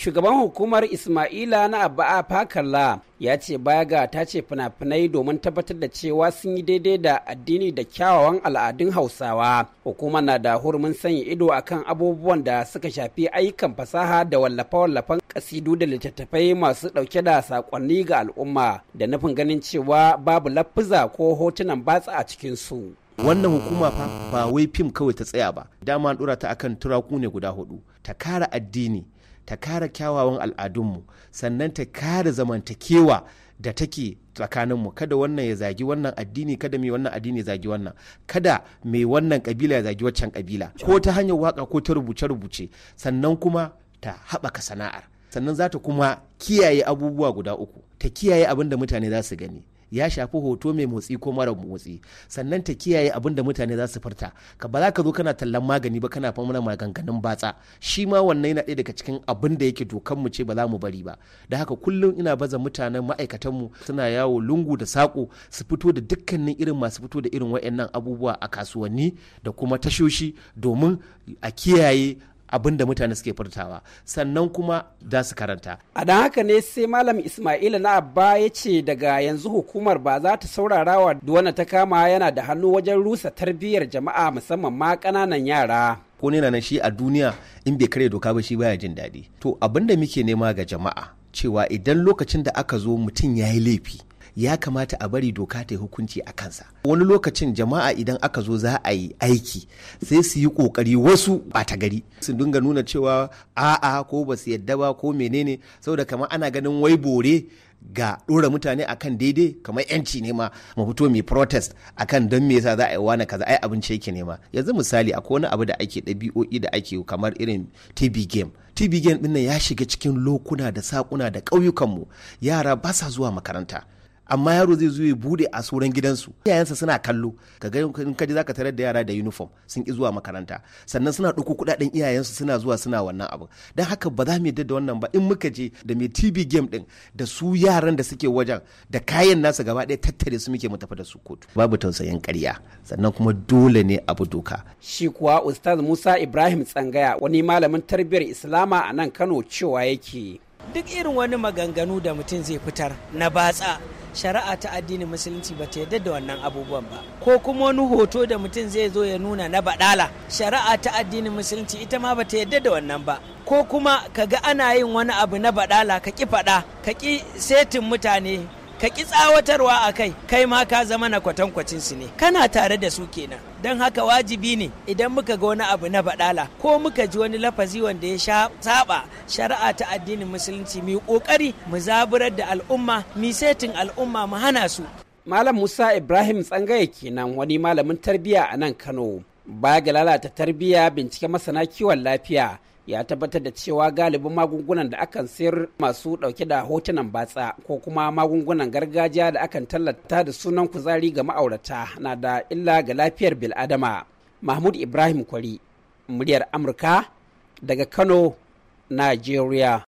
shugaban hukumar ismaila na abba'a fakalla ya ce baya ga ta ce fina-finai domin tabbatar da cewa sun yi daidai da addini da kyawawan al'adun hausawa hukuma na da hurumin sanya ido akan abubuwan da suka shafi ayyukan fasaha da wallafe-wallafen kasidu da littattafai masu ɗauke da saƙonni ga al'umma da nufin ganin cewa babu lafuza ko hotunan batsa a cikin su wannan hukuma fa ba wai fim kawai ta tsaya ba dama an ɗora ta akan turaku ne guda hudu ta kara addini ta kara kyawawan al'adunmu sannan ta kara zamantakewa da take tsakaninmu kada wannan ya zagi wannan addini kada mai wannan addini ya zagi wannan kada mai wannan kabila ya zagi waccan kabila ko ta hanyar waka ko ta rubuce-rubuce sannan kuma ta haɓaka sana'ar sannan za ta kuma kiyaye abubuwa guda uku ta kiyaye abin da mutane za su gani ya shafi hoto mai motsi ko mara motsi sannan ta kiyaye abin da mutane za su furta ka ba za ka zo kana tallan magani ba kana fa maganganun batsa shi ma wannan yana ɗaya daga cikin abin da yake dokan mu ce ba za mu bari ba da haka kullum ina baza mutanen ma'aikatan mu suna yawo lungu da saƙo su fito da dukkanin irin masu fito da irin waɗannan abubuwa a kasuwanni da kuma tashoshi domin a kiyaye abin da mutane suke furtawa sannan kuma za su karanta a dan haka ne sai malam ismaila na abba ya ce daga yanzu hukumar ba za ta saurara wa duwana ta kama yana da hannu wajen rusa tarbiyyar jama'a musamman ma kananan yara ko ne na shi a duniya in bai kare doka ba shi baya jin daɗi to abin da muke nema ga jama'a cewa idan lokacin da aka zo mutum ya yi laifi ya kamata a bari doka ta yi hukunci a kansa wani lokacin jama'a idan aka zo za a yi aiki sai su yi kokari wasu ɓata gari su dinga nuna cewa a'a ko ba su yadda ba ko menene saboda kamar ana ganin wai bore ga ɗora mutane akan daidai kamar yanci ne ma mu fito mu protest akan don me yasa za a yi wani kaza ai abinci yake ne ma yanzu misali akwai wani abu da ake ɗabi'o'i da ake kamar irin TV game TV game ɗin ya shiga cikin lokuna da sakuna da ƙauyukanmu yara ba sa zuwa makaranta amma yaro zai zo ya bude a sauran gidansu iyayensa suna kallo ka ga in kaji ji zaka tarar da yara da uniform sun ki zuwa makaranta sannan suna ɗauko kuɗaɗen iyayensu suna zuwa suna wannan abu dan haka ba za mu yadda da wannan ba in muka je da mai TV game din da su yaran da suke wajen da kayan nasu gaba ɗaya tattare su muke mu tafi da su kotu babu tausayin ƙarya sannan kuma dole ne abu doka shi kuwa ustaz Musa Ibrahim Tsangaya wani malamin tarbiyyar Islama a nan Kano cewa yake duk irin wani maganganu da mutum zai fitar na batsa shari'a ta addinin musulunci ba ta yarda da wannan abubuwan ba ko kuma wani hoto da mutum zai zo ya nuna na baɗala? shari'a ta addinin musulunci ita ma ba ta yarda da wannan ba ko kuma ka ga ana yin wani abu na baɗala ka ki faɗa ka ƙi setin mutane ka ki tsawatarwa a kai kai ma ka zama na kwatankwacin su ne kana tare da su kenan don haka wajibi ne idan muka ga wani abu na baɗala ko muka ji wani lafazi wanda ya sha saba shari'a ta addinin musulunci mu kokari mu zaburar da al'umma mu setin al'umma mu hana su malam musa ibrahim tsangaya kenan wani malamin tarbiyya a nan kano baya ga lalata tarbiyya binciken masana kiwon lafiya ya tabbatar da cewa galibin magungunan da akan sayar masu dauke da hotunan batsa ko kuma magungunan gargajiya da akan tallata da sunan kuzari ga ma'aurata na da illa ga lafiyar bil'adama mahmud ibrahim kwari muryar amurka daga kano nigeria